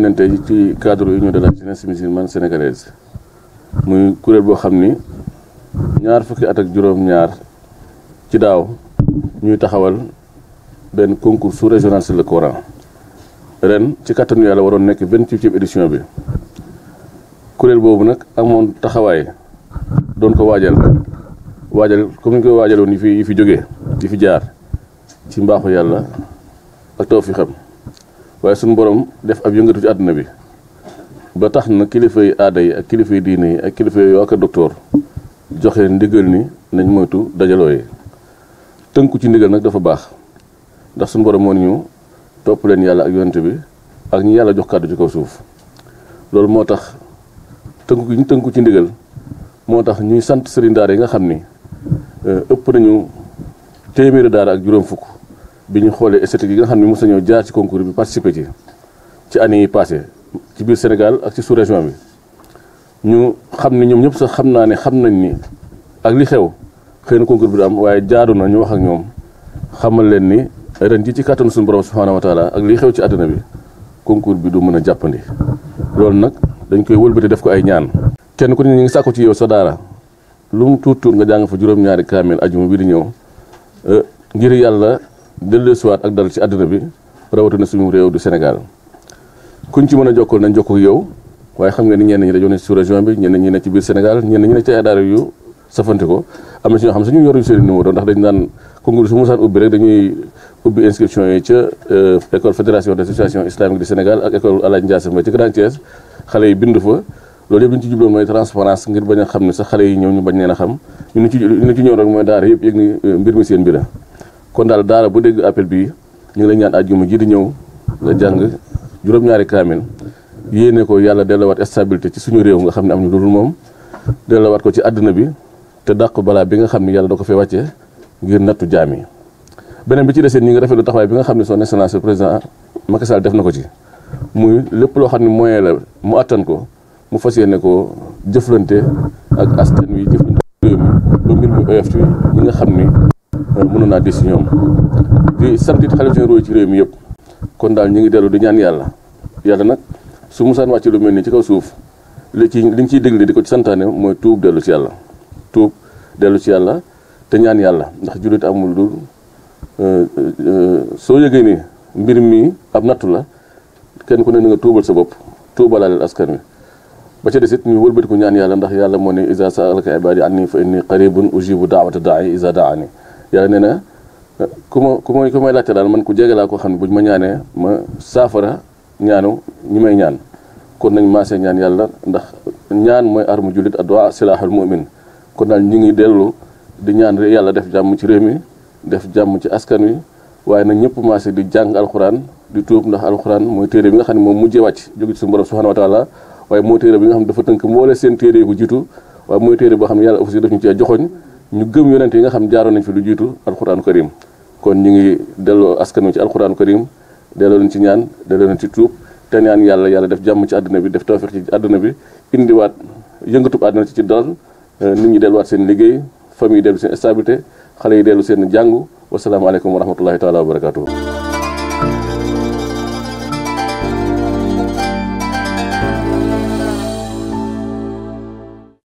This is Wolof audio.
nekkoon nañ tey ci cadre union de la jeunesse musulmane sénégalaise muy kuréel boo xam ni ñaar fukki at ak juróom-ñaar ci daaw ñuy taxawal benn concours sous régional sur le Coran ren ci kattanu yàlla waroon nekk vingt ci édition bi kuréel boobu nag amoon taxawaay doon ko waajal waajal comme ni koy waajaloon yi fi yi fi jógee yi fi jaar ci mbaaxu yàlla ak tawfiixam waaye suñ borom def ab yëngatu ci àdduna bi ba tax na kilifa yi aada yi ak kilifa yi diine yi ak kilifa yi ak docteur joxe ndigal ni nañ moytu dajaloo yi tënku ci ndigal nag dafa baax ndax suñu borom moo ñu topp leen yàlla ak yonent bi ak ñi yàlla jox kàddu ci kaw suuf loolu moo tax tënku gi ñu tënku ci ndigal moo tax ñuy sant sëriñ daara yi nga xam ni euh, ëpp nañu téeméeri daara ak juróom fukk. bi ñu xoolee esthétique yi nga xam ne mos nañoo jaar ci concours bi participer ci ci année yi passé ci biir Sénégal ak ci sous-région bi ñu xam ne ñoom ñëpp sax xam naa ne xam nañ ni ak li xew xëy na concours bi du am waaye jaaru na ñu wax ak ñoom xamal leen ni ren ci kàttanu suñu borom subhaanahu wa taala ak li xew ci àdduna bi concours bi du mën a jàppandi loolu nag dañ koy wëlbati def ko ay ñaan kenn ku ne ñu ngi sàkku ci yow sa daara lu mu tuut nga jàng fa juróom-ñaari kaamil ajuma bi di ñëw eh, ngir yàlla delu ci wat ak dal ci aduna bi na suñu rew du senegal kuñ ci mëna jokkol nañ jokk yow waye xam nga ni ñen ñi dañu ne ci région bi ñen ñi ne ci biir senegal ñen ñi ne ci ay yu safante ko am ci ñoo xam suñu yoru seen numéro ndax dañ naan concours su musaan ubbi rek dañuy ubbi inscription yi ca euh, école fédération d' association islamique du senegal ak école Alhaji Ndiass Mbaye ci Grand Thiès xalé yi bindu fa lolé buñ ci jublu moy transparence ngir baña a xam ne sax xale yi ñew ñu bañ leena xam ñu ci ñu ci ñew rek moy daara yëpp yëg ni euh, mbir mi seen bi la kon daal daara bu dégg appel bii ñu ngi lay ñaan àjjuma ji di ñëw nga jàng juróom-ñaari kaamil yéene ko yàlla delluwaat stabilité ci suñu réew nga xam ne am ñu dul moom delluwaat ko ci àdduna bi te dàq balaa bi nga xam ne yàlla da ko fee wàcce ngir nattu jaam yi beneen bi ci deseen ñi ngi rafetlu taxawaay bi nga xam ne son excellence le président Macky Sall def na ko ci muy lépp loo xam ne moyen la mu attan ko mu fas yéene ko jëflante ak askan wi jëflante xam ni man mënoon naa des ñoom di sant it xalifa généraux ci réew mi yëpp kon daal ñu ngi dellu di ñaan yàlla yàlla nag su musaan wàcc lu mel nii ci kaw suuf li ci li ciy dégle di ko ci santaane mooy tuub dellu si yàlla tuub dellu ci yàlla te ñaan yàlla ndax jullit amul dul euh, euh, euh, soo yëgee ni mbir mi ab nattu la kenn ku ne nu nga tuubal sa bopp tuubalaaleel askan wi ba ca des it ñu wëlbatiku ñaan yàlla ndax yàlla moo ne isa saalaka ibaadi anni fa inni qaribun ujibu daawata daai isa yaa ne na ku ma ku ma ku may laajte daal man ku jege laa ko xam ne buñ ma ñaanee ma saafara ñaanu ñi may ñaan kon nañ maasee ñaan yàlla ndax ñaan mooy armu julit adwa silahul mu'min kon daal ñu ngi dellu di ñaan yàlla def jàmm ci réew mi def jàmm ci askan wi waaye nag ñëpp maasé di jàng alquran di tuub ndax alquran mooy téere bi nga xam ne moom mujjee wàcc jóge ci suñu borom subhanahu wa taala waaye mooy téere bi nga xam ne dafa tënk mboole seen téere yi ko jiitu waaye mooy téere boo xam ne yàlla aussi daf ñu ci joxoñ ñu gëm yonent yi nga xam jaaroon nañ fi lu jiitu alxuraanu karim kon ñu ngi delloo askan wi ci alxuraanu karim delloo leen ci ñaan delloo leen ci tuub te ñaan yàlla yàlla def jàmm ci àdduna bi def tawfeex ci àdduna bi indiwaat yëngatub àdduna ci ci dal eh, nit ñi delluwaat seen liggéey famille dellu seen stabilité xale yi dellu seen jàngu wasalaamaaleykum wa rahmatullahi taala wa barakatuhu